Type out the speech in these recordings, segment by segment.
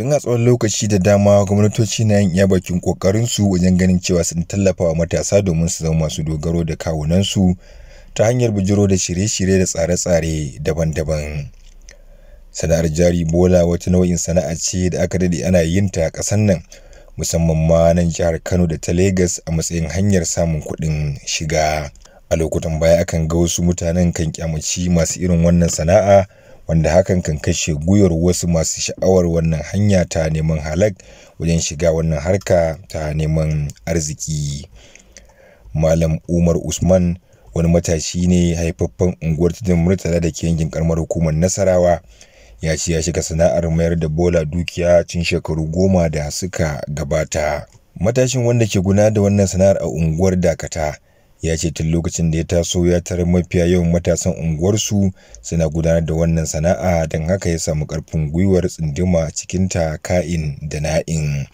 tun a tsawon lokaci da dama gwamnatoci na yin iya bakin ƙoƙarinsu wajen ganin cewa sun tallafa wa matasa domin su zama masu dogaro da kawunansu ta hanyar bijiro da shirye-shirye da tsare-tsare daban-daban sana'ar jari bola wata nau'in sana'a ce da aka daɗe ana yin ta a ƙasar nan musamman ma nan jihar kano da ta Legas a matsayin hanyar samun kuɗin shiga a lokutan baya akan ga wasu mutanen kan kyamaci masu irin wannan sana'a wanda hakan kan kashe gwiwar wasu masu sha'awar wannan hanya ta neman halak wajen shiga wannan harka ta neman arziki. Malam Umar Usman wani matashi ne haifaffen unguwar tudun Murtala da ke yankin karamar hukumar Nasarawa ya ce ya shiga sana'ar mayar da bola dukiya cin shekaru goma da suka gabata. Matashin wanda ke guna da wannan sana'ar a unguwar Dakata ya ce tun lokacin da ya taso ya tarar mafiya yawan matasan unguwarsu suna gudanar da wannan sana'a don haka ya samu karfin gwiwar tsinduma cikin ta ka'in da na'in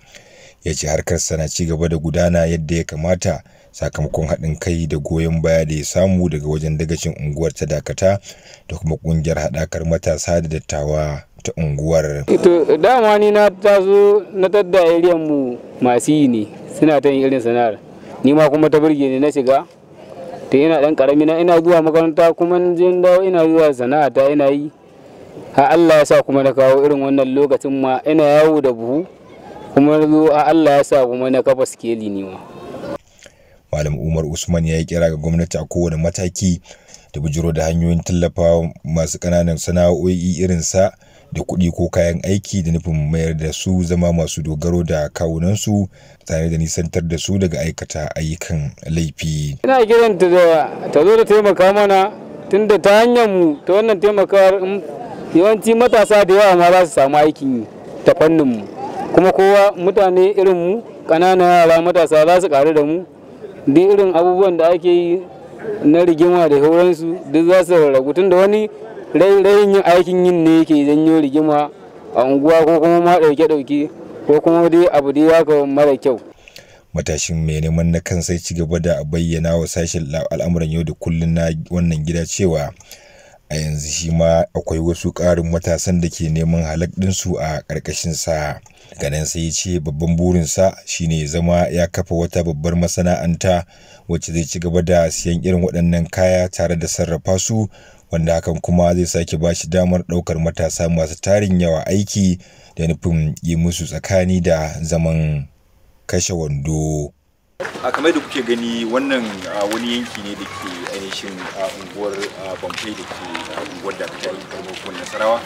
ya ce harkar sana ci gaba da gudana yadda ya kamata sakamakon haɗin kai da goyon baya da ya samu daga wajen dagacin unguwar ta dakata da kuma ƙungiyar haɗakar matasa da dattawa ta unguwar. To dama ni na taso na tadda mu masu yi ne suna ta yin irin sana'ar ni ma kuma ta burge ne na shiga ta ina dan karami na ina zuwa makaranta kuma je dawo ina zuwa sana'a ta ina yi ha Allah ya sa kuma na kawo irin wannan lokacin ma ina yawo da buhu kuma zo a Allah ya sa kuma na kafa sikeli ne ma Malam Umar Usman ya yi kira ga gwamnati a kowane mataki da bujiro da hanyoyin tallafawa masu ƙananan sana'o'i irin sa da kuɗi ko kayan aiki da nufin mayar da su zama masu dogaro da kawunansu tare da nisantar da su daga aikata ayyukan laifi. Ina kiran ta ta zo da taimaka mana tun da ta hanyar mu ta wannan taimakawar yawanci matasa da yawa ma za su samu aikin ta fannin mu kuma kowa mutane irin mu ƙananan yara matasa za su ƙaru da mu duk irin abubuwan da ake yi na rigima da sauransu duk za su ragu tun da wani rayin yin aikin yin ne yake janyo rigima a unguwa ko kuma ma dauke ɗauke ko kuma dai abu dai mara kyau matashin mai neman na kan sai ci gaba da bayyana wa sashen al'amuran yau da kullum na wannan gida cewa a yanzu shi ma akwai wasu ƙarin matasan da ke neman halak su a ƙarƙashin sa ganin sai ya ce babban burinsa shine zama ya kafa wata babbar masana'anta wacce zai ci gaba da siyan irin waɗannan kaya tare da sarrafa su wanda hakan kuma zai sake ba shi damar ɗaukar matasa masu tarin yawa aiki da nufin yi musu tsakani da zaman kashe wando. a kamar da kuke gani wannan wani yanki ne da ke ainihin unguwar bamfai da ke unguwar da ta yi karbar nasarawa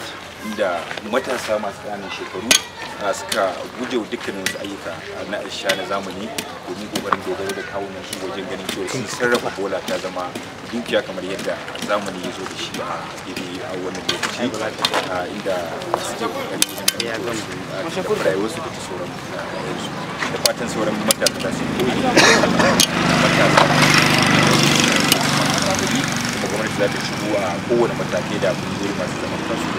inda matasa masu ƙananan shekaru suka guje wa dukkanin wasu ayyuka na isha na zamani domin kokarin dogaro da kawo nan wajen ganin cewa sun sarrafa bola ta zama dukiya kamar yadda zamani ya zo da shi a iri a wannan lokaci inda ke kokari wajen rayuwar su da ta sauran rayuwarsu da fatan sauran matasa za su koyi gwamnati za ta shigo a kowane matakai da kungiyoyi masu zaman kansu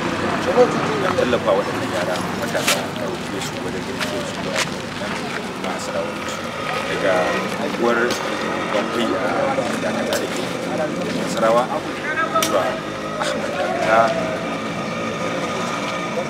don tallafa waɗannan yara matasa a su wajen girki su da masu rawanci daga unguwar a dakata da ke nasarawa zuwa